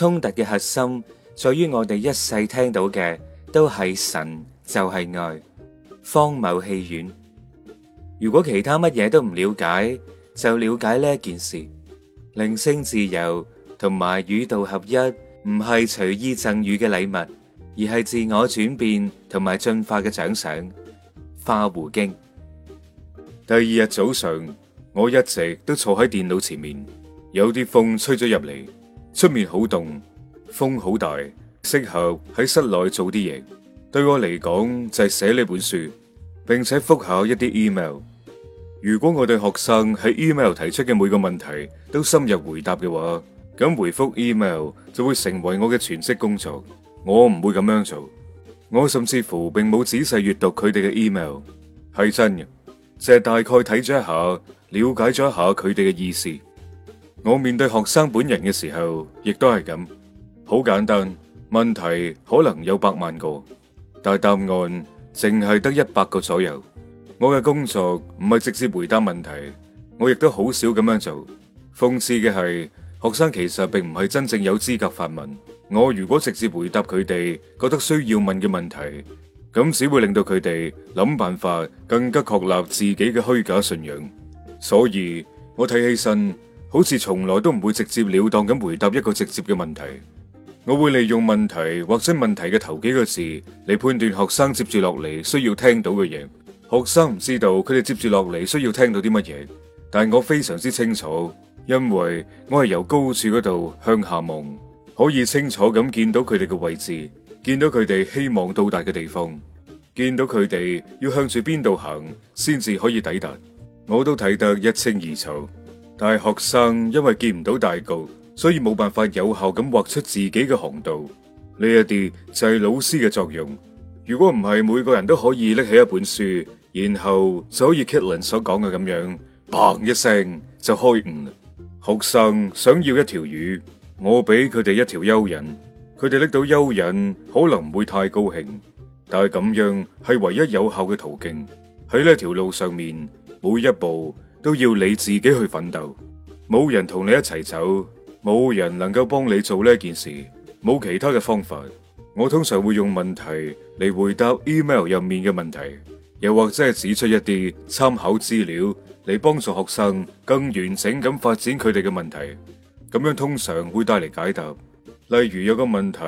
衝突嘅核心在於我哋一世聽到嘅都係神就係愛。荒謬戲院，如果其他乜嘢都唔了解，就了解呢一件事：靈性自由同埋與道合一，唔係隨意贈予嘅禮物，而係自我轉變同埋進化嘅獎賞。花湖經。第二日早上，我一直都坐喺電腦前面，有啲風吹咗入嚟。出面好凍，風好大，適合喺室內做啲嘢。對我嚟講就係寫呢本書，並且覆一下一啲 email。如果我對學生喺 email 提出嘅每個問題都深入回答嘅話，咁回覆 email 就會成為我嘅全職工作。我唔會咁樣做，我甚至乎並冇仔細閱讀佢哋嘅 email，係真嘅，淨係大概睇咗一下，了解咗一下佢哋嘅意思。我面對學生本人嘅時候，亦都係咁，好簡單。問題可能有百萬個，但係答案淨係得一百個左右。我嘅工作唔係直接回答問題，我亦都好少咁樣做。諷刺嘅係，學生其實並唔係真正有資格發問。我如果直接回答佢哋覺得需要問嘅問題，咁只會令到佢哋諗辦法，更加確立自己嘅虛假信仰。所以，我睇起身。好似從來都唔會直接了當咁回答一個直接嘅問題。我會利用問題或者問題嘅頭幾個字嚟判斷學生接住落嚟需要聽到嘅嘢。學生唔知道佢哋接住落嚟需要聽到啲乜嘢，但我非常之清楚，因為我係由高處嗰度向下望，可以清楚咁見到佢哋嘅位置，見到佢哋希望到達嘅地方，見到佢哋要向住邊度行先至可以抵達，我都睇得一清二楚。但係學生因為見唔到大局，所以冇辦法有效咁畫出自己嘅航道。呢一啲就係老師嘅作用。如果唔係每個人都可以拎起一本書，然後就可以 Kilin 所講嘅咁樣，砰一聲就開悟。學生想要一條魚，我俾佢哋一條蚯蚓。佢哋拎到蚯蚓，可能唔會太高興，但係咁樣係唯一有效嘅途徑。喺呢一條路上面，每一步，都要你自己去奮鬥，冇人同你一齊走，冇人能夠幫你做呢件事，冇其他嘅方法。我通常會用問題嚟回答 email 入面嘅問題，又或者係指出一啲參考資料嚟幫助學生更完整咁發展佢哋嘅問題。咁樣通常會帶嚟解答。例如有個問題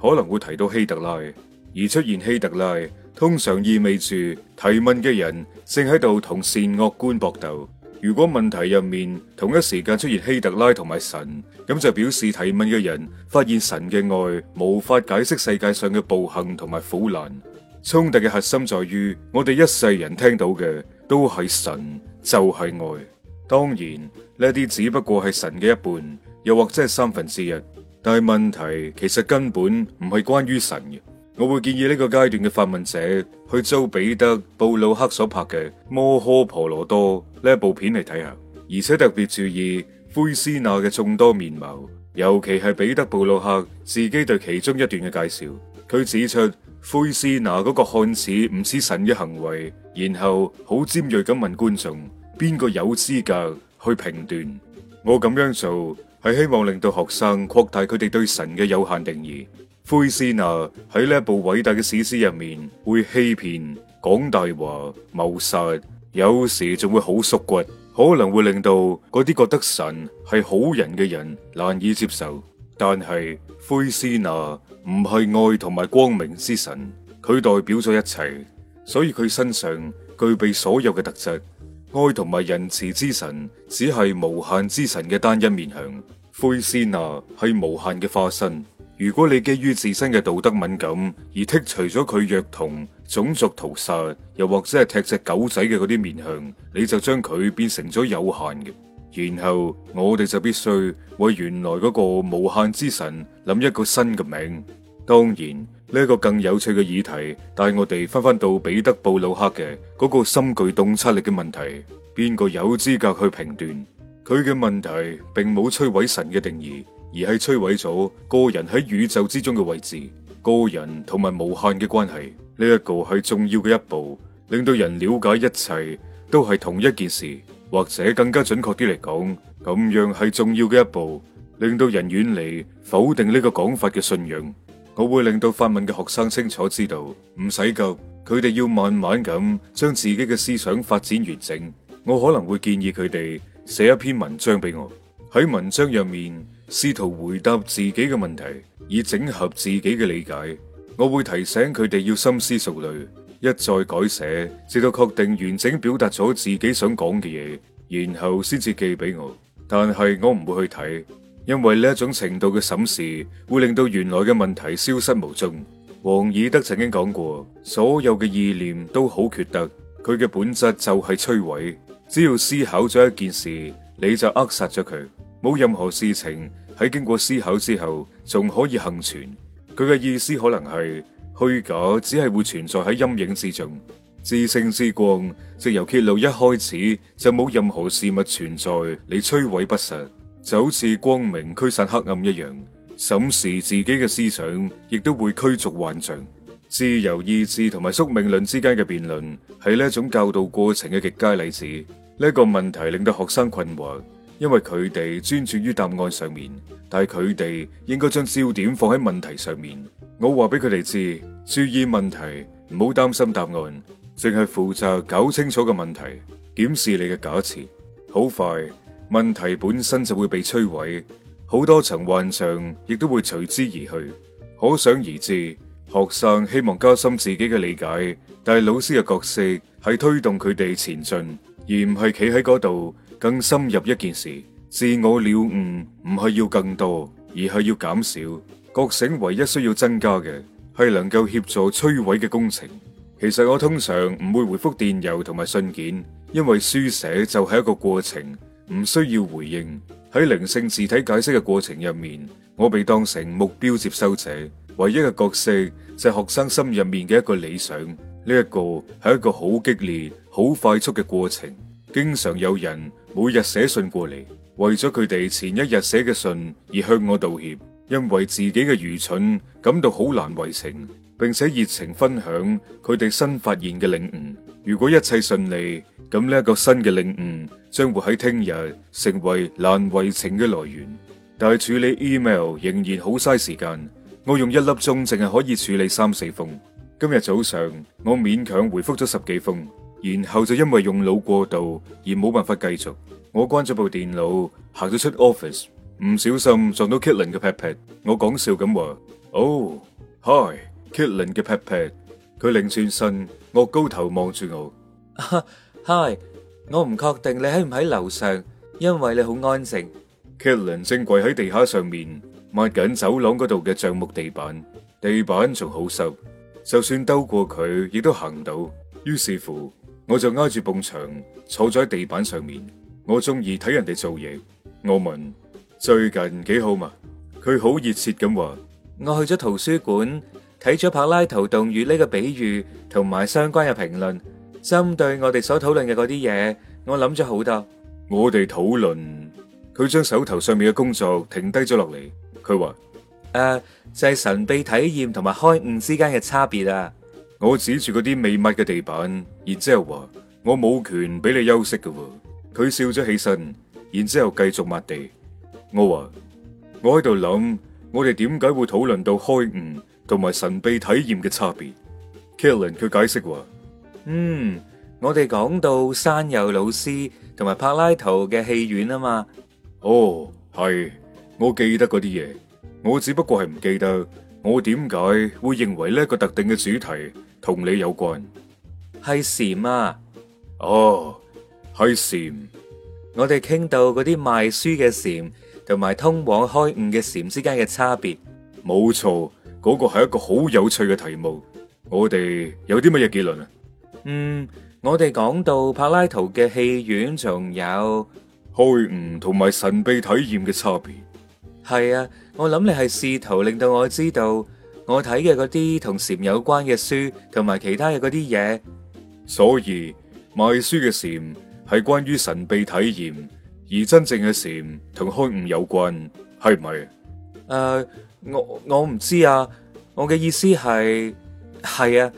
可能會提到希特拉，而出現希特拉通常意味住提問嘅人正喺度同善惡觀搏鬥。如果問題入面同一時間出現希特拉同埋神，咁就表示提問嘅人發現神嘅愛無法解釋世界上嘅暴行同埋苦難。衝突嘅核心在於我哋一世人聽到嘅都係神，就係愛。當然呢啲只不過係神嘅一半，又或者係三分之一。但係問題其實根本唔係關於神嘅。我會建議呢個階段嘅發問者去租彼得布魯克所拍嘅《摩訶婆羅多》呢部片嚟睇下，而且特別注意灰斯娜嘅眾多面貌，尤其係彼得布魯克自己對其中一段嘅介紹。佢指出灰斯娜嗰個看似唔似神嘅行為，然後好尖銳咁問觀眾：邊個有資格去評斷？我咁樣做係希望令到學生擴大佢哋對神嘅有限定義。灰斯娜喺呢部偉大嘅史詩入面，會欺騙、講大話、謀殺，有時仲會好縮骨，可能會令到嗰啲覺得神係好人嘅人難以接受。但係灰斯娜唔係愛同埋光明之神，佢代表咗一切，所以佢身上具備所有嘅特質。愛同埋仁慈之神只係無限之神嘅單一面向，灰斯娜係無限嘅化身。如果你基於自身嘅道德敏感而剔除咗佢虐童、種族屠殺，又或者係踢隻狗仔嘅嗰啲面向，你就將佢變成咗有限嘅。然後我哋就必須為原來嗰個無限之神諗一個新嘅名。當然，呢一個更有趣嘅議題帶我哋翻返到彼得布魯克嘅嗰個深具洞察力嘅問題：邊個有資格去評斷？佢嘅問題並冇摧毀神嘅定義。而係摧毀咗個人喺宇宙之中嘅位置，個人同埋無限嘅關係，呢個係重要嘅一步，令到人了解一切都係同一件事，或者更加準確啲嚟講，咁樣係重要嘅一步，令到人遠離否定呢個講法嘅信仰。我會令到發問嘅學生清楚知道，唔使急，佢哋要慢慢咁將自己嘅思想發展完整。我可能會建議佢哋寫一篇文章俾我，喺文章入面，試圖回答自己嘅問題，以整合自己嘅理解。我會提醒佢哋要深思熟慮，一再改寫，直到確定完整表達咗自己想講嘅嘢，然後先至寄俾我。但係我唔會去睇，因為呢一種程度嘅審視會令到原來嘅問題消失無蹤。王爾德曾經講過：所有嘅意念都好缺德，佢嘅本質就係摧毀。只要思考咗一件事，你就扼殺咗佢。冇任何事情喺經過思考之後仲可以倖存，佢嘅意思可能係虛假，只係會存在喺陰影之中。自性之光即由揭露一開始就冇任何事物存在，你摧毀不實，就好似光明驅散黑暗一樣。審視自己嘅思想，亦都會驅逐幻象。自由意志同埋宿命論之間嘅辯論係呢一種教導過程嘅極佳例子。呢個問題令到學生困惑。因為佢哋專注於答案上面，但係佢哋應該將焦點放喺問題上面。我話俾佢哋知，注意問題，唔好擔心答案，淨係負責搞清楚個問題，檢視你嘅假設。好快，問題本身就會被摧毀，好多層幻象亦都會隨之而去。可想而知，學生希望加深自己嘅理解，但係老師嘅角色係推動佢哋前進，而唔係企喺嗰度。更深入一件事，自我了悟唔係要更多，而係要減少覺醒。唯一需要增加嘅係能夠協助摧毀嘅工程。其實我通常唔會回復電郵同埋信件，因為書寫就係一個過程，唔需要回應。喺靈性字體解釋嘅過程入面，我被當成目標接收者，唯一嘅角色就係學生心入面嘅一個理想。呢一個係一個好激烈、好快速嘅過程，經常有人。每日寫信過嚟，為咗佢哋前一日寫嘅信而向我道歉，因為自己嘅愚蠢感到好難為情，並且熱情分享佢哋新發現嘅領悟。如果一切順利，咁呢個新嘅領悟將會喺聽日成為難為情嘅來源。但係處理 email 仍然好嘥時間，我用一粒鐘淨係可以處理三四封。今日早上我勉強回覆咗十幾封。然後就因為用腦過度而冇辦法繼續。我關咗部電腦，行咗出 office，唔小心撞到 Kilian 嘅 petpet。我講笑咁話：哦，Hi，Kilian 嘅 petpet。佢擰轉身，我高頭望住我。Uh, hi，我唔確定你喺唔喺樓上，因為你好安靜。Kilian 正跪喺地下上面，抹緊走廊嗰度嘅橡木地板，地板仲好濕，就算兜過佢，亦都行唔到。於是乎。我就挨住埲牆坐咗喺地板上面。我中意睇人哋做嘢。我問最近幾好嘛？佢好熱切咁話：我去咗圖書館睇咗柏拉圖洞穴呢個比喻同埋相關嘅評論，針對我哋所討論嘅嗰啲嘢，我諗咗好多。我哋討論，佢將手頭上面嘅工作停低咗落嚟。佢話：誒，就係神秘體驗同埋開悟之間嘅差別啊！我指住嗰啲未抹嘅地板，然之後話我冇權俾你休息嘅喎。佢笑咗起身，然之後繼續抹地。我話我喺度諗，我哋點解會討論到開悟同埋神秘體驗嘅差別。Katelyn 佢解釋話：，嗯，我哋講到山友老師同埋柏拉圖嘅戲院啊嘛。哦，係，我記得嗰啲嘢，我只不過係唔記得。我點解會認為呢個特定嘅主題同你有關？係禪啊！哦，係禪。我哋傾到嗰啲賣書嘅禪同埋通往開悟嘅禪之間嘅差別。冇錯，嗰個係一個好有趣嘅題目。我哋有啲乜嘢結論啊？嗯，我哋講到柏拉圖嘅戲院，仲有開悟同埋神秘體驗嘅差別。係啊，我諗你係試圖令到我知道，我睇嘅嗰啲同禪有關嘅書，同埋其他嘅嗰啲嘢。所以賣書嘅禪係關於神秘體驗，而真正嘅禪同開悟有關，係唔係？呃、啊，我我唔知啊，我嘅意思係係啊，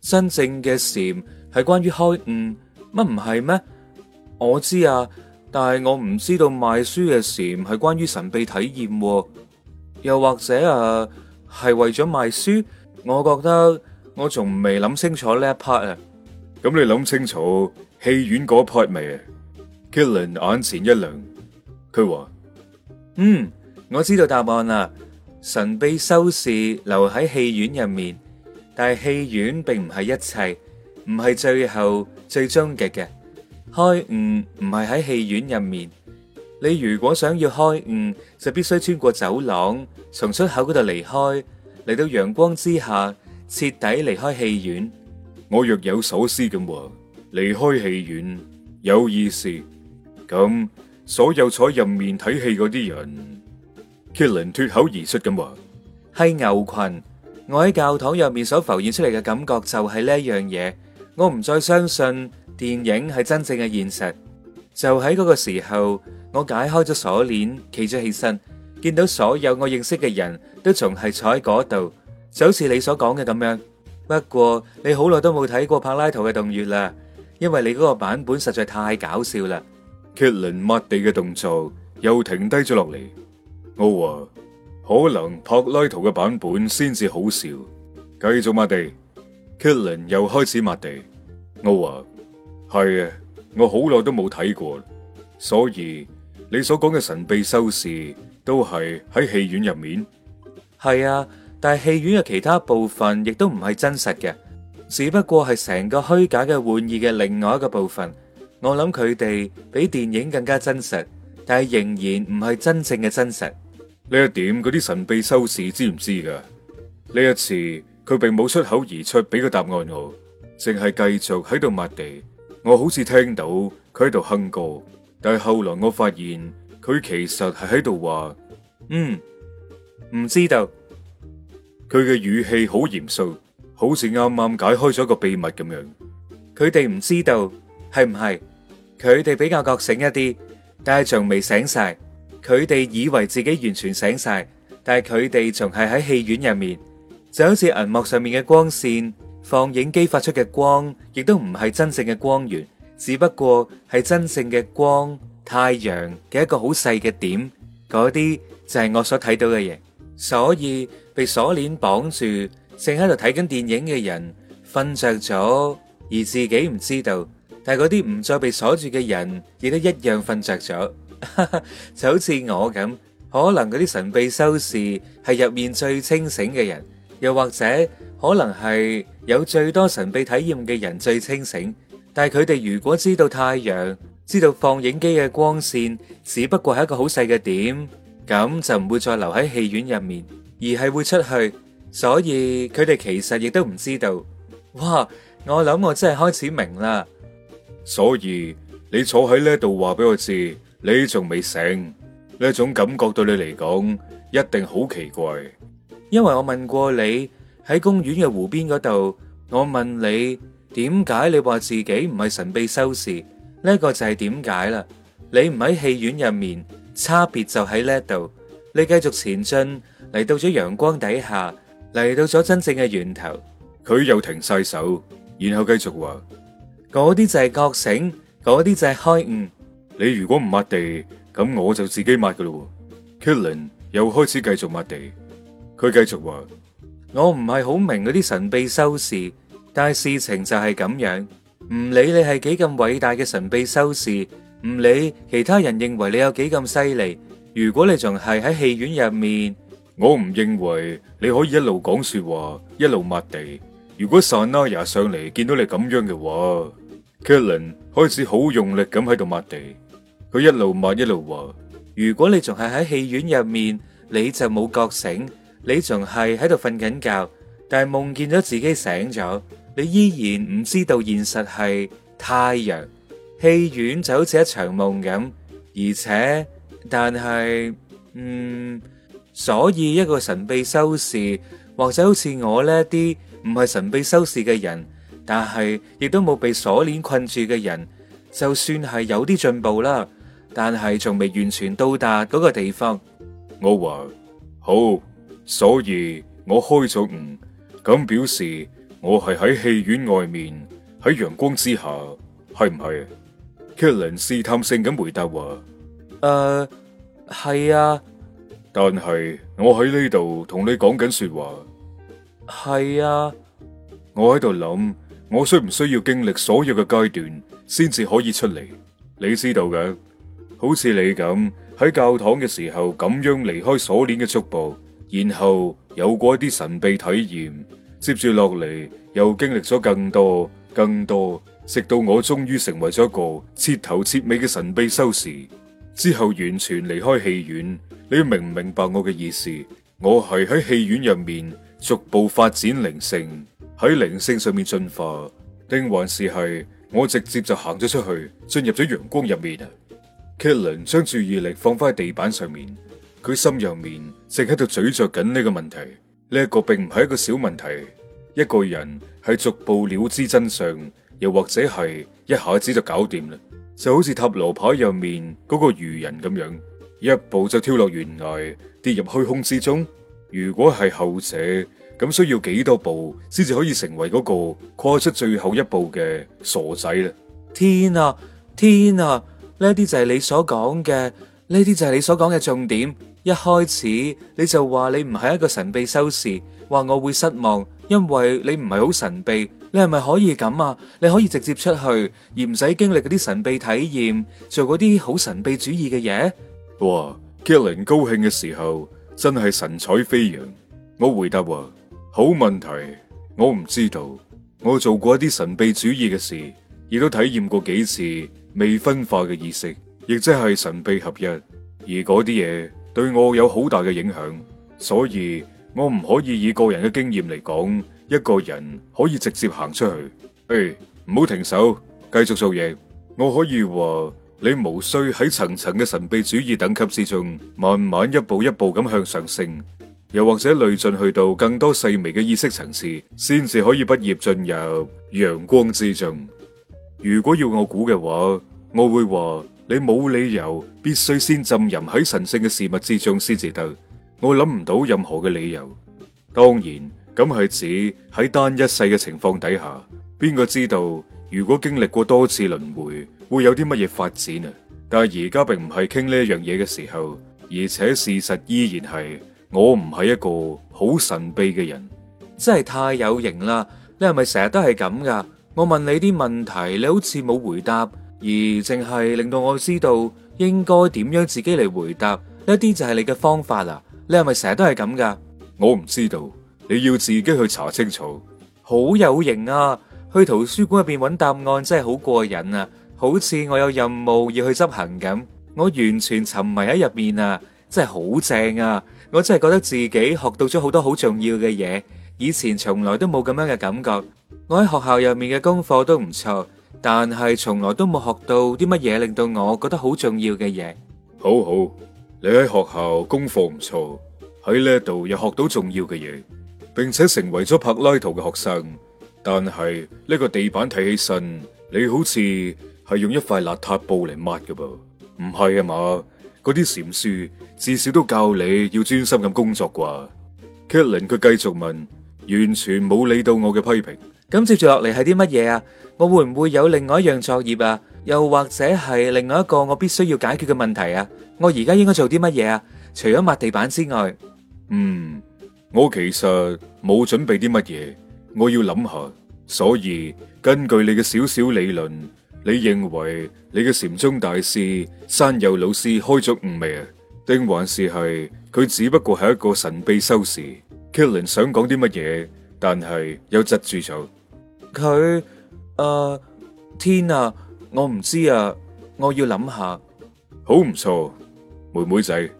真正嘅禪係關於開悟，乜唔係咩？我知啊。但係我唔知道賣書嘅禪係關於神秘體驗，又或者啊係為咗賣書，我覺得我仲未諗清楚呢一 part 啊。咁你諗清楚戲院嗰 part 未啊？Kellen 啊眼前一亮，佢話：嗯，我知道答案啦。神秘收視留喺戲院入面，但係戲院並唔係一切，唔係最後最終極嘅。開悟唔係喺戲院入面，你如果想要開悟，就必須穿過走廊，從出口嗰度離開，嚟到陽光之下，徹底離開戲院。我若有所思咁話，離開戲院有意思。咁所有坐入面睇戲嗰啲人，Kilian 脫口而出咁話：係牛群。我喺教堂入面所浮現出嚟嘅感覺就係呢一樣嘢。我唔再相信。電影係真正嘅現實，就喺嗰個時候，我解開咗鎖鏈，企咗起身，見到所有我認識嘅人都仲係坐喺嗰度，就好似你所講嘅咁樣。不過你好耐都冇睇過柏拉圖嘅洞穴啦，因為你嗰個版本實在太搞笑啦。Kilian 抹地嘅動作又停低咗落嚟，我話，可能柏拉圖嘅版本先至好笑。繼續抹地，Kilian 又開始抹地，我話。係啊，我好耐都冇睇過，所以你所講嘅神秘修士都係喺戲院入面。係啊，但係戲院嘅其他部分亦都唔係真實嘅，只不過係成個虛假嘅玩意嘅另外一個部分。我諗佢哋比電影更加真實，但係仍然唔係真正嘅真實。呢一點，嗰啲神秘修士知唔知㗎？呢一次佢並冇出口而出俾個答案我，淨係繼續喺度抹地。我好似聽到佢喺度哼歌，但係後來我發現佢其實係喺度話，嗯，唔知道。佢嘅語氣好嚴肅，好似啱啱解開咗個秘密咁樣。佢哋唔知道係唔係？佢哋比較覺醒一啲，但係仲未醒晒。佢哋以為自己完全醒晒，但係佢哋仲係喺戲院入面，就好似銀幕上面嘅光線。放映機發出嘅光，亦都唔係真正嘅光源，只不過係真正嘅光，太陽嘅一個好細嘅點。嗰啲就係我所睇到嘅嘢。所以被鎖鏈綁住，正喺度睇緊電影嘅人瞓着咗，而自己唔知道。但係嗰啲唔再被鎖住嘅人，亦都一樣瞓着咗。就好似我咁，可能嗰啲神秘修士係入面最清醒嘅人，又或者可能係。有最多神秘體驗嘅人最清醒，但係佢哋如果知道太陽、知道放映機嘅光線只不過係一個好細嘅點，咁就唔會再留喺戲院入面，而係會出去。所以佢哋其實亦都唔知道。哇！我諗我真係開始明啦。所以你坐喺呢度話俾我知，你仲未醒。呢種感覺對你嚟講一定好奇怪，因為我問過你。喺公園嘅湖邊嗰度，我問你點解你話自己唔係神秘修士？呢、這個就係點解啦。你唔喺戲院入面，差別就喺呢度。你繼續前進，嚟到咗陽光底下，嚟到咗真正嘅源頭。佢又停晒手，然後繼續話：嗰啲就係覺醒，嗰啲就係開悟。你如果唔抹地，咁我就自己抹噶啦。Killing 又開始繼續抹地，佢繼續話。我唔係好明嗰啲神秘修士，但係事情就係咁樣。唔理你係幾咁偉大嘅神秘修士，唔理其他人認為你有幾咁犀利。如果你仲係喺戲院入面，我唔認為你可以一路講說話一路抹地。如果薩拉也上嚟見到你咁樣嘅話，凱倫開始好用力咁喺度抹地。佢一路抹一路話：如果你仲係喺戲院入面，你就冇覺醒。你仲係喺度瞓緊覺，但係夢見咗自己醒咗，你依然唔知道現實係太陽。戲院就好似一場夢咁，而且但係嗯，所以一個神秘修士或者好似我呢啲唔係神秘修士嘅人，但係亦都冇被鎖鏈困住嘅人，就算係有啲進步啦，但係仲未完全到達嗰個地方。我話好。所以我開咗悟，咁表示我係喺戲院外面，喺陽光之下，係唔係？Kellen 試探性咁回答話：誒、呃，係啊。但係我喺呢度同你講緊說話，係啊。我喺度諗，我需唔需要經歷所有嘅階段先至可以出嚟？你知道嘅，好似你咁喺教堂嘅時候咁樣離開鎖鏈嘅腳步。然後有過一啲神秘體驗，接住落嚟又經歷咗更多、更多，直到我終於成為咗個徹頭徹尾嘅神秘修士。之後完全離開戲院，你明唔明白我嘅意思？我係喺戲院入面逐步發展靈性，喺靈性上面進化，定還是係我直接就行咗出去，進入咗陽光入面啊？Kellen 將注意力放翻喺地板上面。佢心入面正喺度咀嚼緊呢個問題，呢一個並唔係一個小問題。一個人係逐步了知真相，又或者係一下子就搞掂啦，就好似塔羅牌入面嗰個愚人咁樣，一步就跳落懸崖，跌入虛空之中。如果係後者，咁需要幾多步先至可以成為嗰個跨出最後一步嘅傻仔咧？天啊天啊！呢啲就係你所講嘅，呢啲就係你所講嘅重點。一開始你就話你唔係一個神秘修士，話我會失望，因為你唔係好神秘。你係咪可以咁啊？你可以直接出去而唔使經歷嗰啲神秘體驗，做嗰啲好神秘主義嘅嘢？哇，Kellen 高興嘅時候真係神采飛揚。我回答話：好問題，我唔知道。我做過一啲神秘主義嘅事，亦都體驗過幾次未分化嘅意識，亦即係神秘合一。而嗰啲嘢。對我有好大嘅影響，所以我唔可以以個人嘅經驗嚟講，一個人可以直接行出去。誒，唔好停手，繼續做嘢。我可以話你，無需喺層層嘅神秘主義等級之中，慢慢一步一步咁向上升，又或者累進去到更多細微嘅意識層次，先至可以畢業進入陽光之中。如果要我估嘅話，我會話。你冇理由必須先浸淫喺神聖嘅事物之中先至得，我諗唔到任何嘅理由。當然，咁係指喺單一世嘅情況底下，邊個知道如果經歷過多次輪迴會有啲乜嘢發展啊？但係而家並唔係傾呢一樣嘢嘅時候，而且事實依然係我唔係一個好神秘嘅人，真係太有型啦！你係咪成日都係咁噶？我問你啲問題，你好似冇回答。而淨係令到我知道應該點樣自己嚟回答呢一啲就係你嘅方法啦！你係咪成日都係咁噶？我唔知道，你要自己去查清楚。好有型啊！去圖書館入邊揾答案真係好過癮啊！好似我有任務要去執行咁，我完全沉迷喺入面啊！真係好正啊！我真係覺得自己學到咗好多好重要嘅嘢，以前從來都冇咁樣嘅感覺。我喺學校入面嘅功課都唔錯。但係從來都冇學到啲乜嘢，令到我覺得好重要嘅嘢。好好，你喺學校功課唔錯，喺呢度又學到重要嘅嘢，並且成為咗柏拉圖嘅學生。但係呢個地板睇起身，你好似係用一塊邋遢布嚟抹嘅噃，唔係啊嘛？嗰啲禪書至少都教你要專心咁工作啩？Kellen 佢繼續問，完全冇理到我嘅批評。咁接住落嚟係啲乜嘢啊？我會唔會有另外一樣作業啊？又或者係另外一個我必須要解決嘅問題啊？我而家應該做啲乜嘢啊？除咗抹地板之外，嗯，我其實冇準備啲乜嘢，我要諗下。所以根據你嘅少少理論，你認為你嘅禪宗大師山友老師開咗悟未啊？定還是係佢只不過係一個神秘修士？Kieran 想講啲乜嘢，但係又窒住咗佢。啊！Uh, 天啊！我唔知啊，我要諗下。好唔錯，妹妹仔。